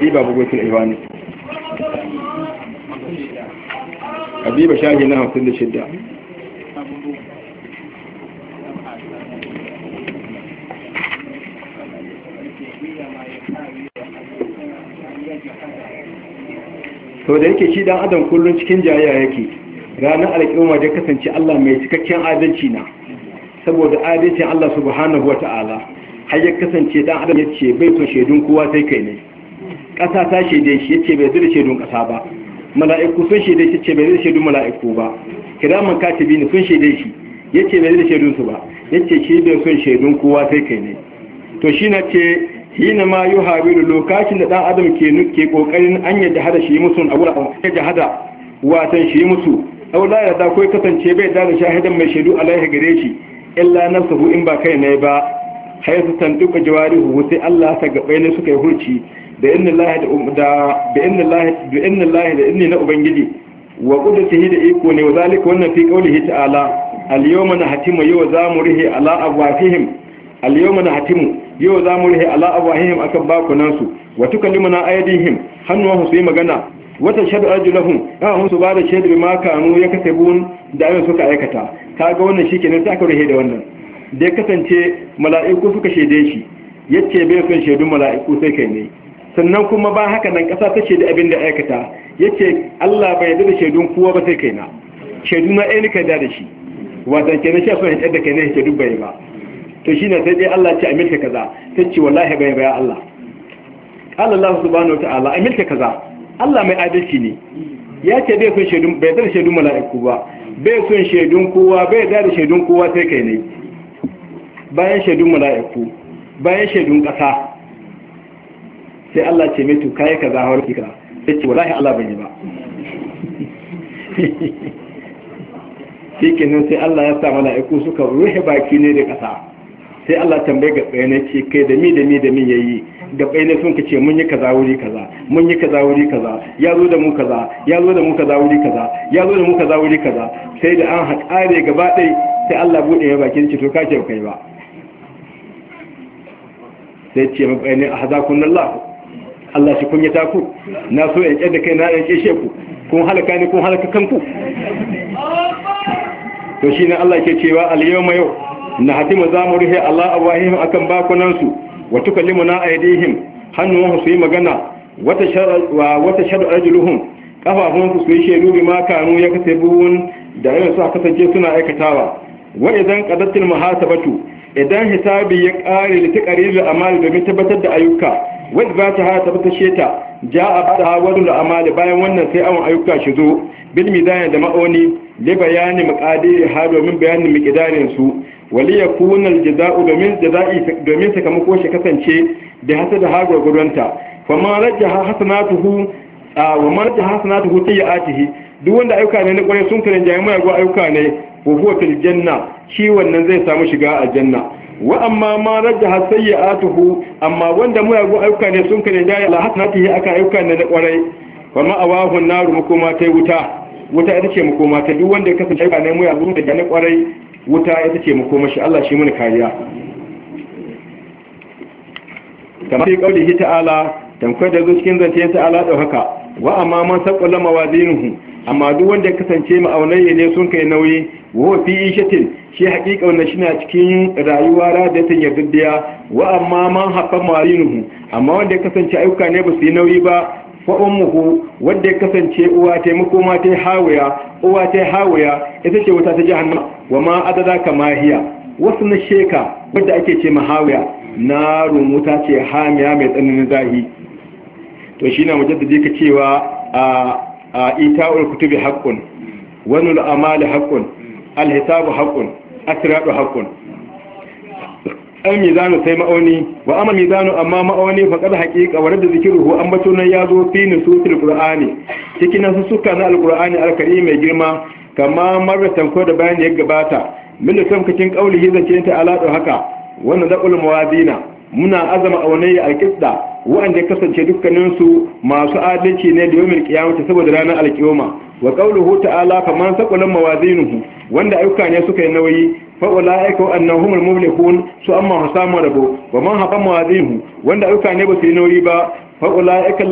riba bugotul habiba shahi na hamsin da shidda sau da yake shi dan adam kullum cikin jayayya yake ranar alƙiyoma da kasance allah mai cikakken adalci na saboda adalci allah subhanahu wa ta'ala har ya kasance dan adam ya ce bai son shaidun kowa sai kai ne ƙasa ta shaide shi yace bai zira shaidun ƙasa ba mala'iku sun shaide shi yace bai zira shaidun mala'iku ba kiraman ne sun shaide shi yace bai zira shaidun su ba yace shi bai sun shaidun kowa sai kai ne to shi na ce hina ma yi hawiru lokacin da dan adam ke nuke kokarin an yadda hada shi musu a wurin ya jahada watan shi musu aw la yarda ko kasance bai da shahidan mai shaidu alaihi gare shi illa nafsuhu in ba kai ne ba haifu duka jawarihu sai Allah ta gabai ne suka yi hurci da inna lahi um, da da inna lahi da inna lahi da inna na ubangiji wa qudratihi da iko ne wa zalika wannan fi qawlihi ta'ala al-yawma nahtimu yau za mu ala afwahihim al-yawma nahtimu yaw za mu rihi ala afwahihim akan bakunan su wa tukallimuna aydihim hannuwan su yi magana wata shaɗu arjulahun ƙahun su ba da shaidu ma kanu ya da ayyuka aikata kaga wannan shikenan sai aka rihe da wannan da ya kasance mala'iku suka shaide shi yace bai son shaidun mala'iku sai kai ne sannan kuma ba haka nan ƙasa ta shaidi abin da aikata yace Allah bai yarda da shaidun kowa ba sai kai na shaidun na ɗaya nika da da shi wata kenan shi a son hajjar da kai ne shaidun bai ba to shi shine sai dai Allah ce amilka kaza ta ce wallahi bai baya Allah qala Allah subhanahu wataala amilka kaza Allah mai adalci ne ya ce bai son shaidun bai da shaidun mala'iku ba bai son shaidun kowa bai da shaidun kowa sai kai ne bayan shaidun mala'iku bayan shaidun ƙasa sai Allah ce mai tuka ka kaza hawar kika sai ce wala Allah bai yi ba nan sai Allah ya sa mala'iku suka ruhe baki ne da ƙasa sai Allah tambaye ga tsaye ce kai da mi da mi da mi da ga tsaye sun ka ce mun yi kaza wuri kaza mun yi kaza wuri kaza ya zo da mu kaza ya zo da mu kaza wuri kaza ya zo da mu kaza wuri kaza sai da an haƙare gaba ɗaya sai Allah buɗe ya bakin ci to ka ce kai ba sai ce maku ainihin a hazakun lafi Allah shi kun yi ku na so yanke da kai na yanke ke ku kun halaka ne kun halaka kanku to shi ne Allah ke cewa al mayo yau na hatima za mu rufe Allah awahihim akan bakunansu wa tukallimuna aydihim hannuwansu su yi magana wata shaɗu arjuluhun ƙafafunsu su yi shaidu bi makanu ya kasa buhun da yau su kasance suna aikatawa wa idan ƙadattun mahasabatu idan hisabi ya ƙare da ta da amali domin tabbatar da ayyuka wadda ba ta hata ta sheta ja a ba ta wadda da amali bayan wannan sai awon ayyuka shi zo bil mizani da ma'auni da bayani da ha domin bayani miƙidarin su wali ya kunar jaza'u domin jaza'i domin sakamako shi kasance da hasa da ha gwagwadonta kuma rajja hasanatuhu a wa marja hasanatuhu tayyatihi duk wanda ayyuka ne na ƙwarai sun kare jami'a ga ayyuka ne wa huwa fil janna shi wannan zai samu shiga a janna wa amma ma raja sayyi'atuhu amma wanda mu yago ayyuka ne sun kare dai la hasanatihi aka ayyuka ne na kwarai wa ma awahu an-naru makoma ta wuta wuta ita ce makoma ta duk wanda ya kasance ayyuka ne yago da janna kwarai wuta ita ce makoma shi Allah shi mana kariya kamar fi qaulihi ta'ala tamkar da zo cikin zance da haka wa amma man saqala mawazinuhu amma duk wanda ya kasance ma'aunai ne sun kai nauyi wa fi ishatin shi haƙiƙa wannan shi na cikin rayuwa radiyatan yardaddiya wa amma man haƙa marinuhu amma wanda ya kasance ayyuka ne ba su yi nauyi ba fa ummuhu wanda ya kasance uwa ta mako ma ta hawaya uwa ta hawaya ita ce wata ta jahannama wa ma adada kama hiya wasu na sheka wanda ake ce mahawiya narun wuta ce hamiya mai tsananin zahi to shi na mujaddadi ka cewa a ita'ul kutubi haqqun wa nul haqqun alhisabu haqqun asradu haqqun al mizanu sai ma'auni wa amma mizanu amma ma'auni fa kada haqiqa wa radda zikruhu an bato nan zo fi nususil qur'ani cikin nasu suka na alqur'ani alkarimi mai girma kama marratan ko da bayani ya gabata min da samkacin qaulihi zance ta ala haka wannan daqul mawadina muna azama aunai alqisda wa'anda kasance dukkaninsu masu adalci ne da yawmin qiyamah saboda ranar alqiyama wa qawluhu ta'ala faman saqulan mawazinuhu wanda ayyuka ne suka yi nauyi fa ulaika annahum almuflihun su amma hasamu rabu wa man haqa mawazinuhu wanda ayyuka ne ba su yi nauyi ba fa ulaika